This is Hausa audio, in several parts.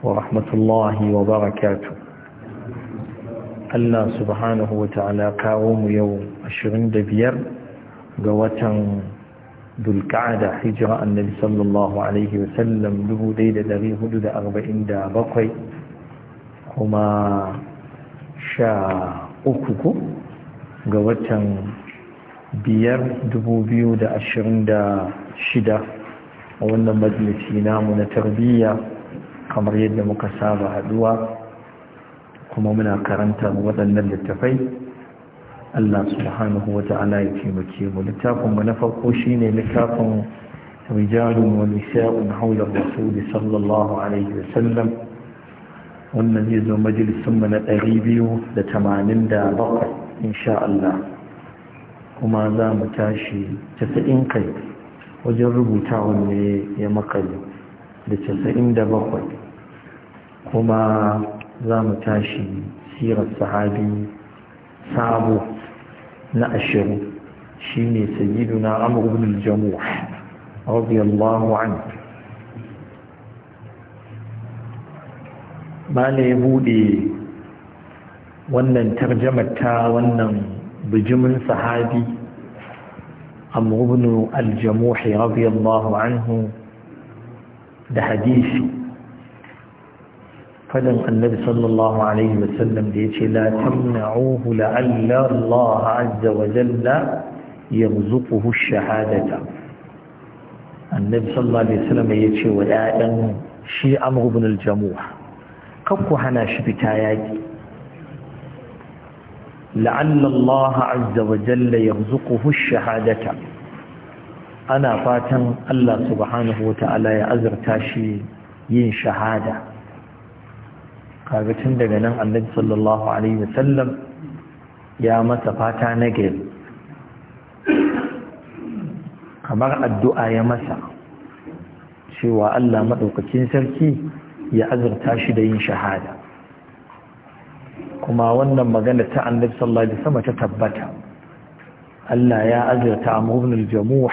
Wa ورحمة الله وبركاته Allah subhanahu wa ta’ala kawo mu yau biyar ga watan dulka’ada hijira annabi sallallahu Alaihi wasallam 1447 kuma sha ukuku ga watan 5,226 a wannan na mu na tarbiyya kamar yadda muka saba haduwa kuma muna karanta waɗannan littafai Allah subhanahu wa ta'ala ya taimake mu littafin mu na farko shine littafin rijalun wa nisa'un hawla rasul sallallahu alaihi wa sallam wannan zai zo majalisun mu na 287 insha Allah kuma za mu tashi 90 kai wajen rubutawan ne ya makale da 97 kuma za mu tashi sirar sahabi sabo na ashirin shi ne na amurbin jamuwa radiyallahu an ba ne buɗe wannan tarjamar ta wannan bijimin sahabi amurbin aljamuwa radiyallahu anhu da hadisi fadin annabi sallallahu alaihi wasallam da ya ce la tamna'uhu la'alla Allah azza wa jalla yarzuquhu ash-shahadata annabi sallallahu alaihi ya ce wa ya'dan shi amr ibn hana shi fita yaki la'alla Allah azza wa jalla yarzuquhu ash-shahadata ana fatan Allah subhanahu wa ta'ala ya azurta shi yin shahada kaga tun daga nan annabi sallallahu alaihi wasallam ya masa fata na gari kamar addu'a ya masa cewa Allah maɗaukacin sarki ya azurta shi da yin shahada kuma wannan magana ta annabi sallallahu alaihi wasallam ta tabbata Allah ya azurta a ibn jamuh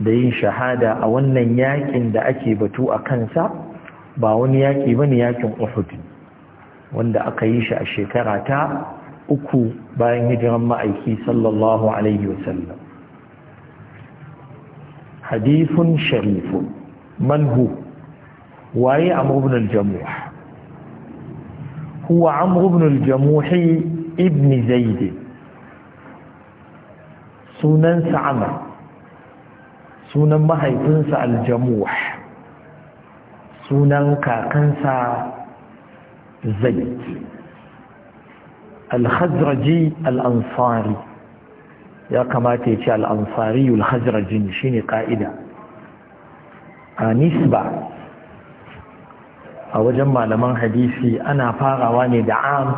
da yin shahada a wannan yakin da ake batu a kansa ba wani yaki bane yakin Uhud wanda aka yi shi a shekara ta uku bayan hijiran ma'aiki sallallahu alaihi wasallam hadithun sharifun manhu waye amr ibn al-jamuh huwa amr ibn ibn sunan sa'ama sunan mahaifinsa Aljamuh. sunan kakansa زيد الخزرجي الأنصاري يا كما تيجي الأنصاري الخزرجي شيني قائدة نسبة أو جمع لمن حديثي أنا فاغواني دعام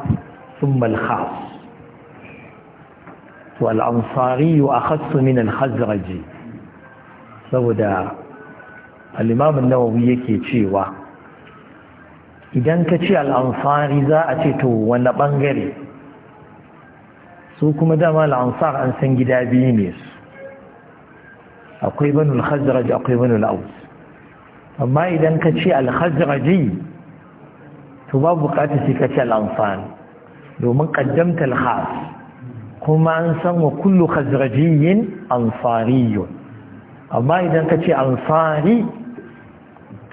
ثم الخاص والأنصاري أخص من الخزرجي سودا الإمام النووي يكي تشيوه idan ka ce al'amfari za a ce to wani ɓangare su kuma dama al'amfar an san gida biyu ne su akwai banul khazraj akwai banul aus amma idan ka ce al-khazraji to babu bukatar sai ka ce al'amfari domin ƙaddamtar khas kuma an san wa kullu khazrajiyin ansariyun amma idan ka ce ansari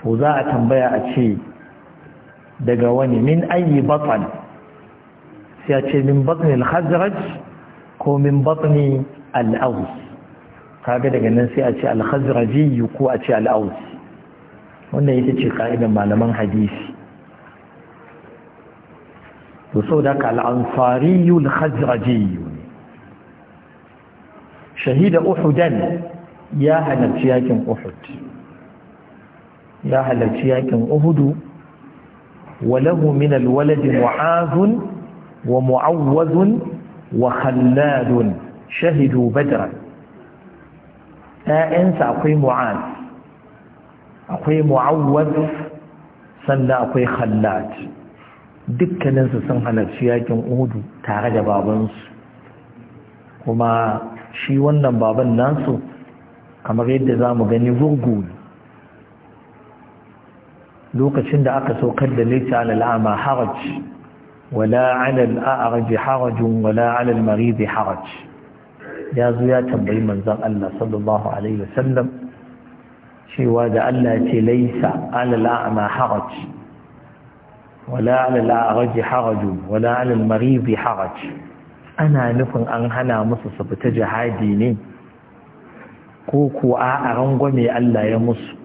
to za a tambaya a ce daga wani min ayi batan sai ce min batni al-khazraj ko min batni al-aus kaga daga nan sai a ce al-khazraji ko a ce al-aus wannan ita ce ƙa'idar malaman hadisi to saboda ka al-ansari al-khazraji shahida uhudan ya halarci yakin uhud ya halarci yakin uhudu wa من الولد معاذ ومعوذ وخلاد shahidu بدرا أنسى akwai معاذ أقوي معوذ سنة أقوي خلاد dukkaninsu sun halarci yaƙin udu tare da babansu kuma shi wannan baban nasu kamar yadda za mu gani gurgu lokacin da aka saukar da laita al'ama haraj wala alal a'raj harajun wala alal marid haraj ya zo ya tambayi manzon Allah sallallahu alaihi wasallam cewa da Allah ce laisa alal a'ma haraj wala alal a'raj harajun wala alal marid haraj ana nufin an hana musu su fita jihadi ne ko ko a rangwame Allah ya musu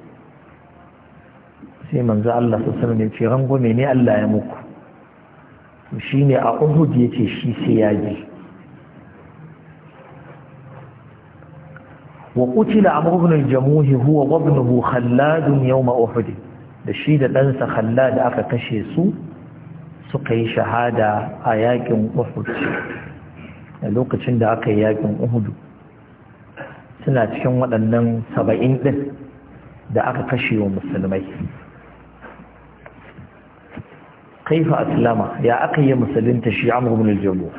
sai manzo Allah su sanar ya ce rangwame ne Allah ya muku shi ne a uhud ya ce shi sai ya ji wa kutila amr ibn jamuhi huwa wa ibnuhu khallad uhud da shi da ɗansa khallad aka kashe su suka yi shahada a yakin uhud a lokacin da aka yi yakin uhud suna cikin waɗannan saba'in ɗin da aka kashe wa musulmai كيف أسلم يا أقي مسلمت شي عمرو بن الجموع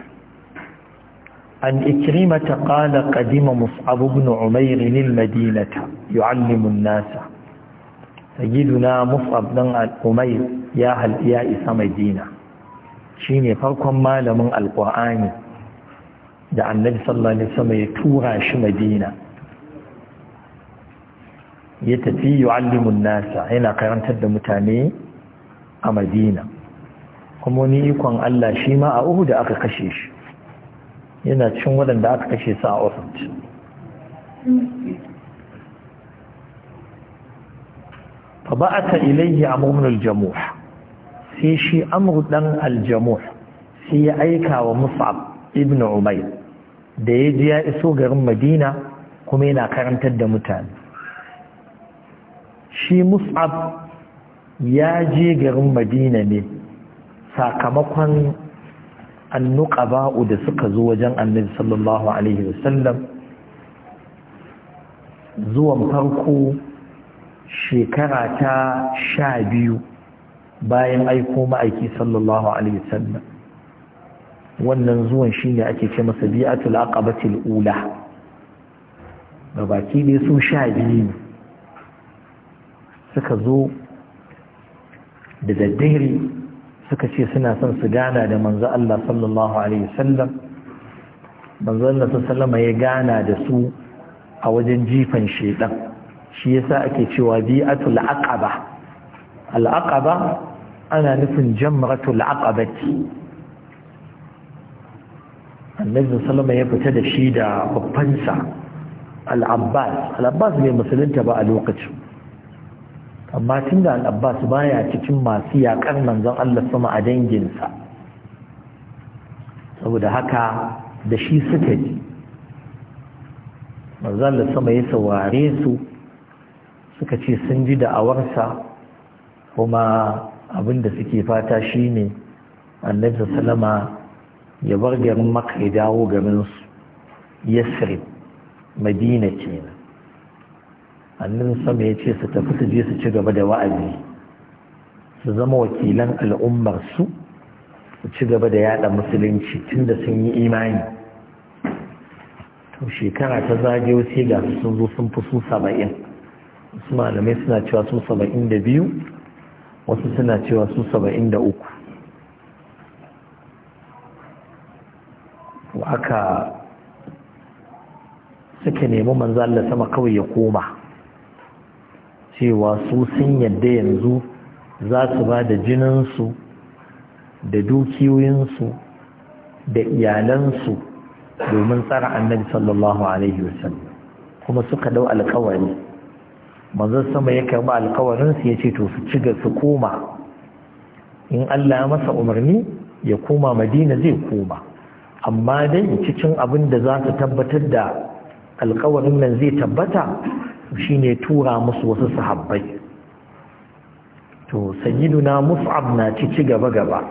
عن إكرمة قال قدم مصعب بن عمير المدينة يعلم الناس سيدنا مصعب بن عمير يا هل يا إسا مدينة شيني فرقم ما لمن القرآن دع النبي صلى الله عليه وسلم يتوها شي مدينة يتفي يعلم الناس هنا قرنت الدمتاني a madina kuma ni ikon Allah shi ma a uhu da aka kashe shi yana cin waɗanda aka kashe su a ofis fa ba'ata ilayhi amrun al-jamuh sai shi amru dan al-jamuh sai ya aika wa mus'ab ibn umayr da ya ji ya iso garin madina kuma yana karantar da mutane shi mus'ab ya je garin madina ne sakamakon ba'u da suka zo wajen annabi sallallahu alaihi wasallam zuwan farko shekara ta sha biyu bayan aiko ma'aiki sallallahu alaihi wasallam wannan zuwan shine ake ce masa bi'atul aqabatil ula baki ne su sha biyu suka zo da daddare suka ce suna son su gana da manzo Allah sallallahu alaihi wasallam manzo Allah sallallahu ya gana da su a wajen jifan shedan shi yasa ake cewa bi'atul aqaba al aqaba ana nufin jamratul aqabati annabi sallallahu ya fita da shi da babbansa al-abbas al-abbas bai musulunta ba a lokacin amma tun da al'abbas baya cikin masu yaƙar manzon Allah sama a danginsa saboda haka da shi suka ji manzon Allah sama ya saurare su suka ce sun ji da'awarsa kuma abinda suke fata shi shine annabi salama ya bar garin maka ya dawo garinsu yasrib madina kenan annin sama ya ce su tafi su je su ci gaba da wa'azi su zama wakilan al'ummar su su ci gaba da yada musulunci tunda sun yi imani to shekara ta zage sai ga su sun zo sun fi su saba'in wasu malamai suna cewa su saba'in da biyu wasu suna cewa su saba'in da uku aka suka nemi manzo Allah sama kawai ya koma cewa su sun yadda yanzu za su ba da jininsu da dukiyoyinsu da iyalansu domin tsara annabi sallallahu alaihi wasallam kuma suka dau alkawari manzon sama ya karba alkawarin su yace to su ciga su koma in Allah ya masa umarni ya koma Madina zai koma amma dai cikin abin da za su tabbatar da alkawarin nan zai tabbata shi shine tura musu wasu sahabbai to Na mus'ab na ci ci gaba gaba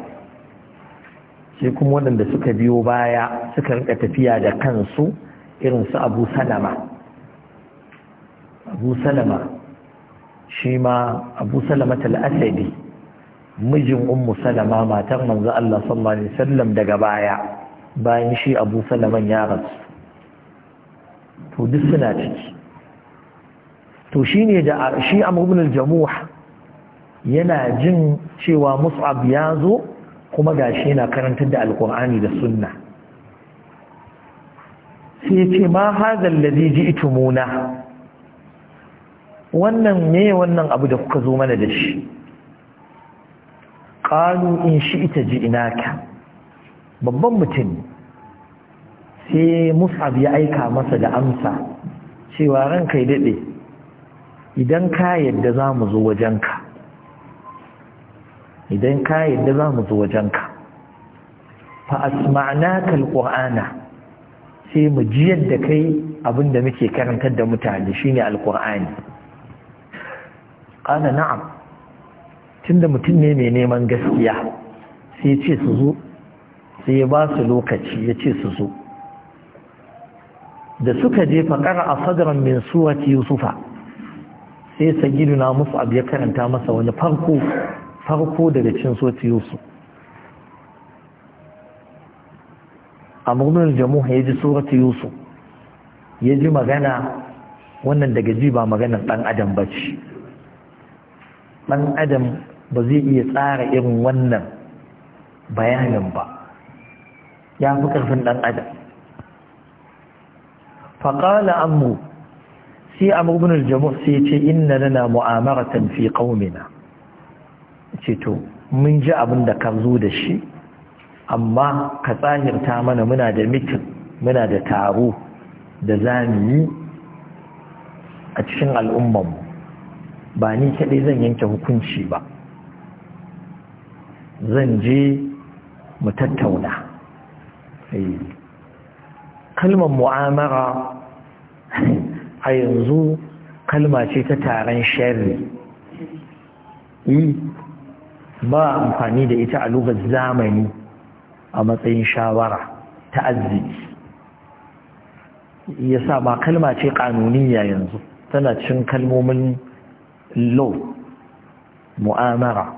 sai kuma waɗanda suka biyo baya suka rika tafiya da kansu irin su abu salama abu salama shi ma abu salama tal'asadi mijin ummu salama matar manzo Allah sallallahu alaihi wasallam daga baya bayan shi abu salaman ya rasu to duk suna ciki to shi ne da shi a ibn yana jin cewa mus'ab ya zo kuma shi yana karantar da alkur'ani da sunna sai ce ma ji ito muna. wannan ne wannan abu da kuka zo mana da shi ƙalu in shi ita ji ina ka babban mutum sai mus'ab ya aika masa da amsa cewa ran kai daɗe idan ka yadda za mu zo wajenka idan ka yadda za mu zo wajenka fa kal qur'ana sai mu ji yadda kai abinda muke karantar da mutane shine alqur'ani qala na'am tunda mutum ne mai neman gaskiya sai ce su zo sai ya ba su lokaci ya ce su zo da suka jefa ƙara a sadran min suwati yusufa sai na musu abu ya karanta masa wani farko farko daga cikin a murnar jamu ya ji suratu yusu ya ji magana wannan daga ji ba maganar ɗan adam ba ce ɗan adam ba zai iya tsara irin wannan bayanin ba ya fi ƙarfin ɗan adam faƙala mu sai amr ibn sai ce inna lana mu'amaratan fi qaumina ce to mun ji abin da ka zo da shi amma ka tsahirta mana muna da mitin muna da taro da zamu yi a cikin al'ummanmu ba ni kaɗai zan yanke hukunci ba zan je mu tattauna eh. kalmar mu'amara a yanzu kalma ce ta taron sharri e, ba amfani da ita a lugar zamani a matsayin shawara ta arziki ya sa ba kalma ce ƙanuniya yanzu tana cin kalmomin law mu'amara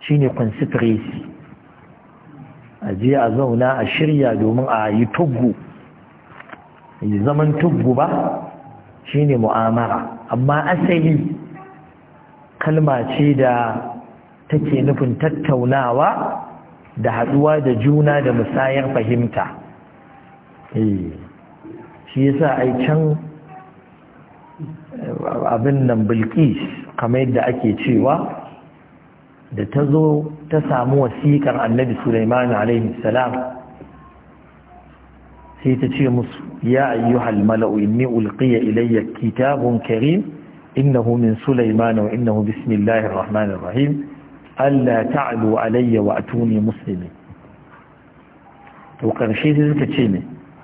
shine conspiracy a je a zauna a shirya domin a yi tuggu zaman tuggu ba Shi ne mu'amara amma asali kalma ce da take nufin tattaunawa da haɗuwa da juna da musayar fahimta eh, shi yasa ai can eh, abin nan bilkis kamar yadda ake cewa da ta zo ta samu wasiƙar annabi Sulaiman alaihi salam sai ta ce musu ya ayyuhal mala'u inni ulqiya ilayya kitabun karim innahu min sulaiman wa innahu bismillahir rahmanir rahim alla ta'lu alayya wa atuni muslimin to karshe sai suka ce ne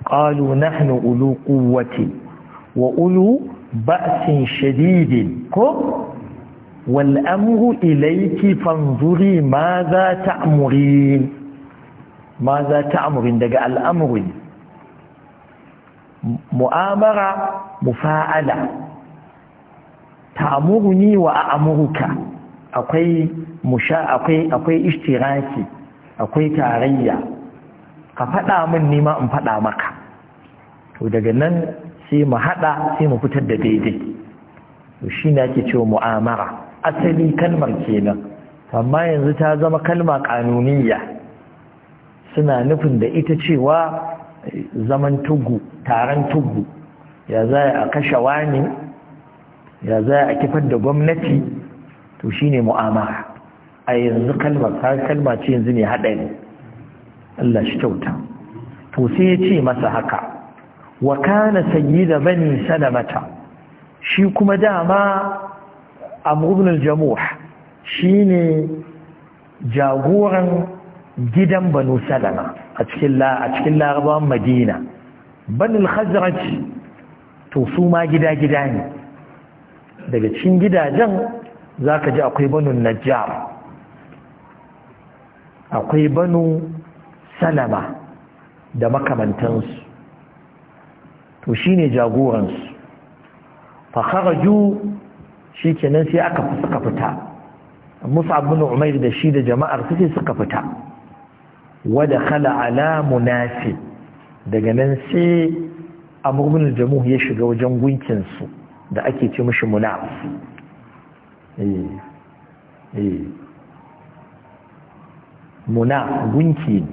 qalu nahnu ulu quwwati wa ulu ba'sin shadidin ko wal amru ilayki fanzuri ma za ta'murin ma za ta'murin daga al'amrin mu'amara mufa'ala ta'muruni wa a'muruka akwai musha akwai akwai ishtiraki akwai tarayya ka faɗa min ni in faɗa maka to daga nan sai mu haɗa sai mu fitar da daidai to shine ake cewa mu'amara asali kalmar kenan amma yanzu ta zama kalma kanuniya suna nufin da ita cewa zaman tugu taron tubu ya za a kashe wani ya za a kifar da gwamnati to ne mu'amara a yanzu kalmar kalma ce yanzu ne haɗari Allah shi kyauta to sai ya ce masa haka wa kana sayyida bani salamata shi kuma dama a ibn al Shi shine jagoran gidan banu salama a cikin a cikin larabawan madina banin khazraj to su ma gida-gida ne daga cikin gidajen za ka ji akwai banun najjar akwai banu salama da makamantansu to shi ne jagoransu fakharaju shi kenan sai aka suka fita musa abin umair da shi da jama'ar suke suka fita wadda khala ala munafi daga nan sai amurbin jamu ya shiga wajen gunkinsu da ake ce mashi munaf eh, eh. muna gunki ne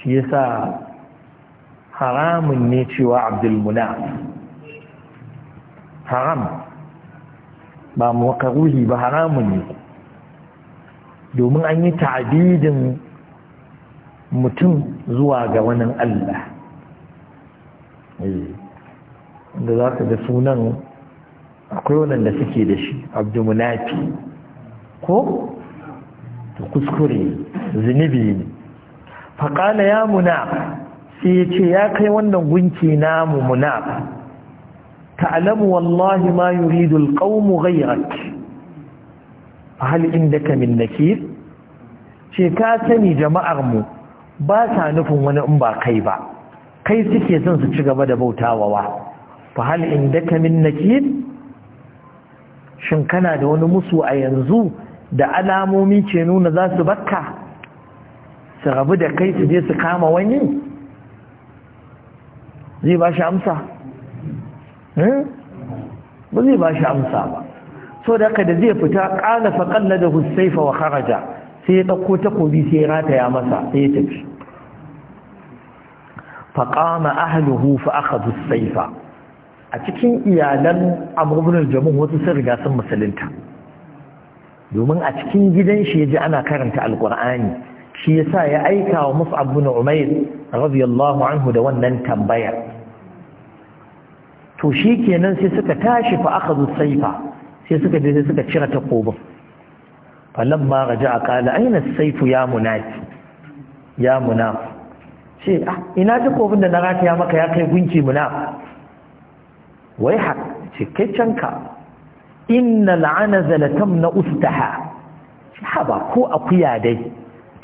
shi yasa haramun ne cewa abdul haram ba makaruhi ba haramun ne domin an yi ta'abidin mutum zuwa ga wani Allah eh, da za ka da sunan akwai waɗanda suke da shi abdumunafi ko kuskure zunubi ne faƙala ya muna sai ya ce ya kai wannan gunki namu muna ta'alamu wallahi ma yuridul qawmu ghayrak hal indaka min nakir ce ka sani jama'ar mu ba sa nufin wani in ba kai ba kai suke son su ci gaba da bautawawa fa hal indaka min nakid shin kana da wani musu a yanzu da alamomi ke nuna za su bakka su rabu da kai su je su kama wani zai ba shi amsa hmm? ba zai ba shi amsa ba so da haka da zai fita ƙala faƙalla da hussaifa wa kharaja sai ya ɗauko takobi sai ya rataya masa sai ya tafi faƙama ahaluhu fa aka saifa a cikin iyalan amurbunan jamun wasu sun riga sun musulunta domin a cikin gidan shi ya ji ana karanta alƙur'ani shi ya sa ya aika wa musu abu na umair radiyallahu anhu da wannan tambayar to shi kenan sai suka tashi fa aka saifa sai suka je sai suka cire takobin falam ma raja qala aina as ya munaf ya munaf shi ina ji da na rafiya maka ya kai gunki munaf wai hak shi ke canka innal anaza la ustaha haba ko akuya dai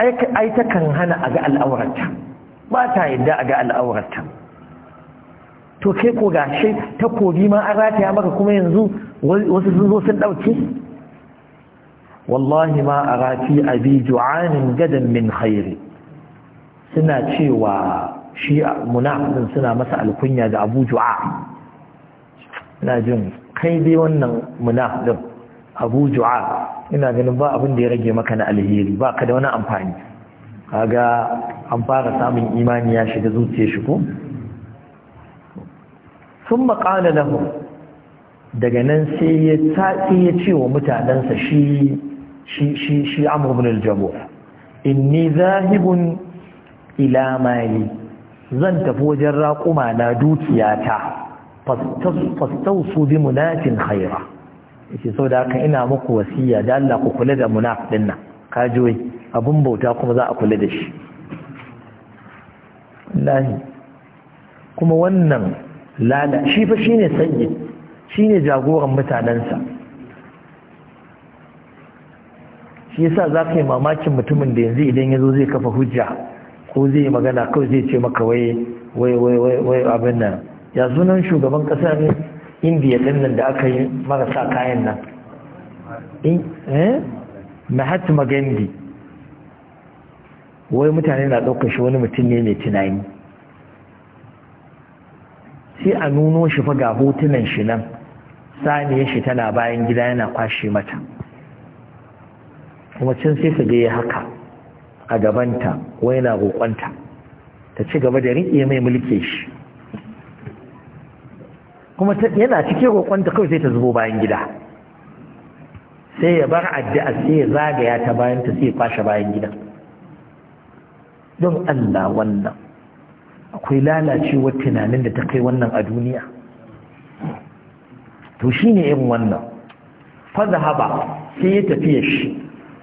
ai takan ta kan hana aga al'awrata ba ta yadda aga al'awrata to ke ko ga ta kobi ma an rafiya maka kuma yanzu wasu sun zo sun dauke wallahi ma a rafi abi ju'anin gadan min khairi suna cewa shi munafin suna masa alkunya da abu ju'a ina jin kai dai wannan munafin abu ju'a ina ganin ba abin da ya rage maka na alheri ba ka da wani amfani kaga an fara samun imani ya shiga zuciya shi ko sun maƙala lahu daga nan sai ya ce wa mutanensa shi shi shi shi amr ibn al-jamuh inni zahibun ila mali zan tafi wajen raƙuma na dukiyata fastausu bi munatin khaira yace sau da haka ina muku wasiya da Allah ku kula da munaf din kajoyi abun bauta kuma za a kula da shi lahi kuma wannan lala shi fa shine sayyid shine jagoran mutanansa shi yasa za ka yi mamakin mutumin da yanzu idan ya zo zai kafa hujja ko zai magana kawai zai ce maka wai wai wai wai abin nan ya sunan shugaban kasa ne indiya din nan da aka yi marasa kayan nan eh? mahatma gandhi wai mutane na ɗaukar shi wani mutum ne mai tunani sai a nuno shi fa ga hotunan shi nan saniyar shi tana bayan gida yana kwashe mata kuma can sai ta ga haka a gabanta wai na roƙonta ta ci gaba da riƙe mai mulke shi kuma yana cike roƙonta kawai sai ta zubo bayan gida sai ya bar addu'a sai ya zagaya ta bayan ta sai ya kwashe bayan gida don Allah wannan akwai lalacewar tunanin da ta kai wannan a duniya to shine irin wannan fa zahaba sai ya tafi shi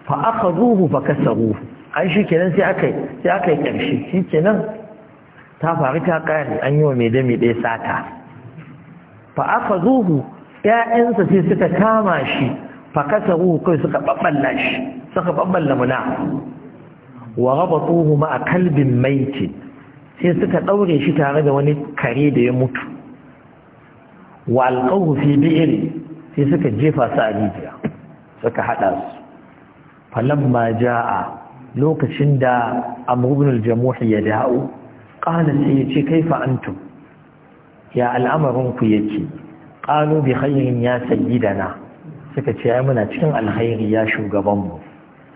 fa aka ba fa kasaruhu an shi kenan sai aka yi ƙarshe karshe shi kenan ta faru ta kare an yi wa mai dami ɗaya sata fa aka zuhu ƴaƴansa sai suka kama shi fa kasaruhu kai suka ɓaɓɓalla shi suka ɓaɓɓalla muna wa raba rabatuhu ma a kalbin maiti sai suka daure shi tare da wani kare da ya mutu wa alqahu fi bi'in sai suka jefa su a rijiya suka haɗa su falamma a lokacin da amr ibn al-jamuh ya dawo qala sai yace kaifa antum ya al'amarin ku yake qalu bi khairin ya sayyidana suka ce ai muna cikin alkhairi ya shugaban mu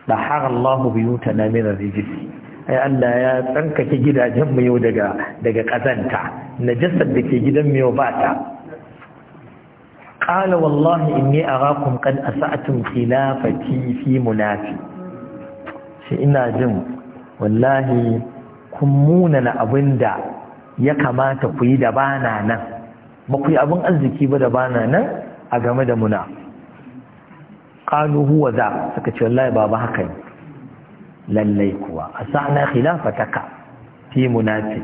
dahara Allahu biyutana min ar-rijsi ai Allah ya tsankake gidajen mu yau daga daga kazanta najasar da ke gidan mu yau ba ta Ƙala wallahi in ne a rakun ƙan a sa’atun filafaki fi munafi, shi ina jin wallahi kun munana abin ya kamata ku yi da bana nan, ba ku yi abin arziki ba da ba nan a game da muna. Ƙalu huwa za suka ce ba ba haka yi, lallai kuwa, a sa’ana filafataka fi munafi,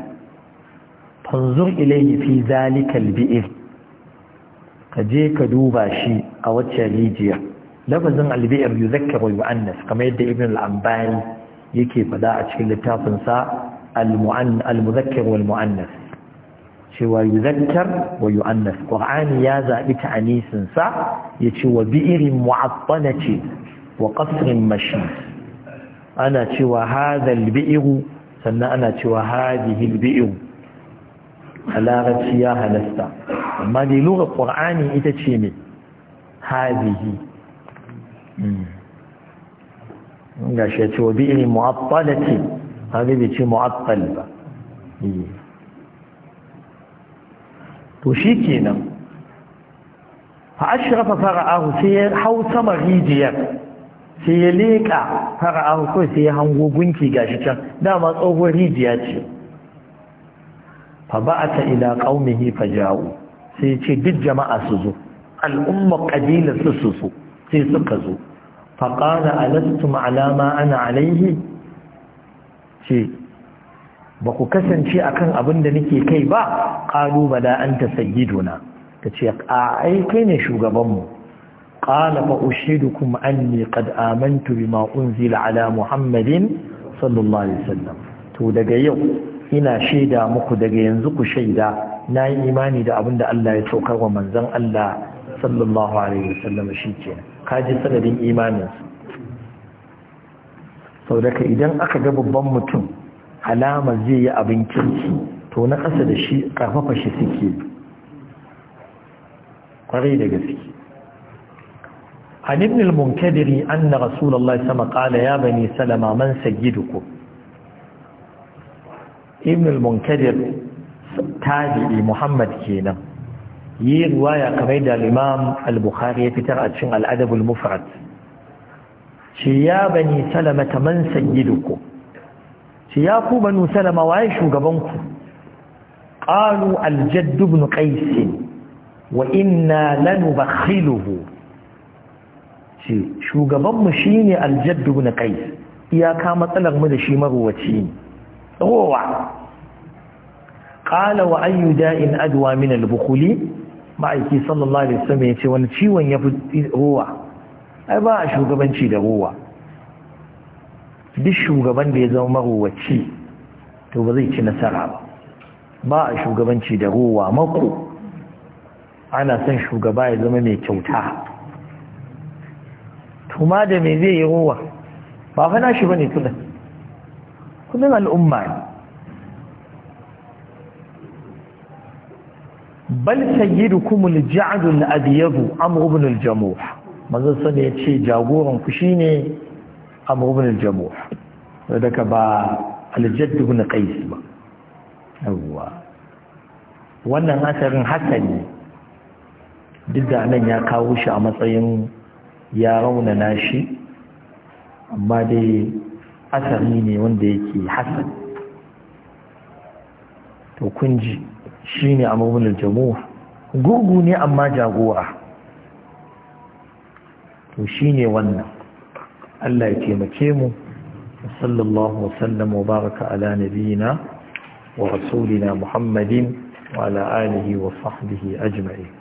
fanzur ilai fi zalikal bi'ir. ka je ka duba shi a wacce rijiya lafazin albi'ar yuzakkar wa yu'annas kamar yadda ibn al yake fada a cikin littafin sa al-muzakkar wal mu'annas cewa yuzakkar wa yu'annas qur'ani ya zaɓi ta'anisin ya ce wa bi'irin ce, wa qasrin mashi ana cewa ha al-bi'ru sannan ana cewa hadhihi al-bi'ru a larabci ya halasta amma dai lura ƙur'ani ita ce mai hazihi hmm. ga shi ce wa bi'in mu'attalati haka bai ce mu'attal ba eh. to shi kenan fa ashrafa fara'ahu sai ya hau sama rijiyar sai ya leƙa fara'ahu kawai sai ya hango gunki gashi can dama tsohuwar rijiya ce fa ba'ata ila qaumihi fajawu sai ce duk jama'a su zo al'umma kabilar su su su sai suka zo faƙara alastum alama ana alaihi ce ba ku kasance akan abin da nake kai ba ƙalu da an ta sayyiduna ta ce a kai ne shugabanmu ƙala fa ushidukum anni qad amantu bima unzila ala muhammadin sallallahu alaihi wasallam to daga yau ina shaida muku daga yanzu ku shaida na yi imani da abin da Allah ya saukar wa manzan Allah sallallahu Alaihi wasallam shi ke kaji sanadin imaninsu sau daga idan aka ga babban mutum alama zai yi abin kirki to na ƙasa da shi ƙarfafa shi suke ƙwarai da gaske عن ابن المنكدر أن رسول الله sama الله ya وسلم salama man بني سلمة tabi'i muhammad kenan yi ya kamar da imam al-bukhari ya fitar a cikin al'adab al-mufrad shi ya bani salama ta man sayyiduku shi ya ku banu salama waye shugabanku qalu al-jadd ibn qais wa inna lanubakhiluhu shi mu shine al-jadd ibn qais iyaka matsalar mu da shi maruwaci ne Kala wa ayyu da'in adwa min al-bukhuli ma'aiki sallallahu alaihi wasallam yace wani ciwon ya fi ruwa ai ba a shugabanci da ruwa duk shugaban da ya zama maruwaci to ba zai ci nasara ba ba a shugabanci da ruwa mako ana son shugaba ya zama mai kyauta to ma da me zai yi ruwa ba fa na shi bane tunan kudin al'umma ne bal sayyidukum al ja'dul al-abyad amr ibn al-jamuh manzon sun ya ce jagoran ku shine amr ibn al-jamuh daga ba al-jadd ibn qais ba yawa wannan asarin hasani duk da nan ya kawo shi a matsayin ya raunana shi amma dai asarin ne wanda yake hasan to kun ji a amrun jamuwa, gurgu ne amma jagora to ne wannan Allah ya taimake mu sallallahu wasallam wa baraka ala nabiyina wa rasulina muhammadin wa ala alihi wa sahbihi ajma'in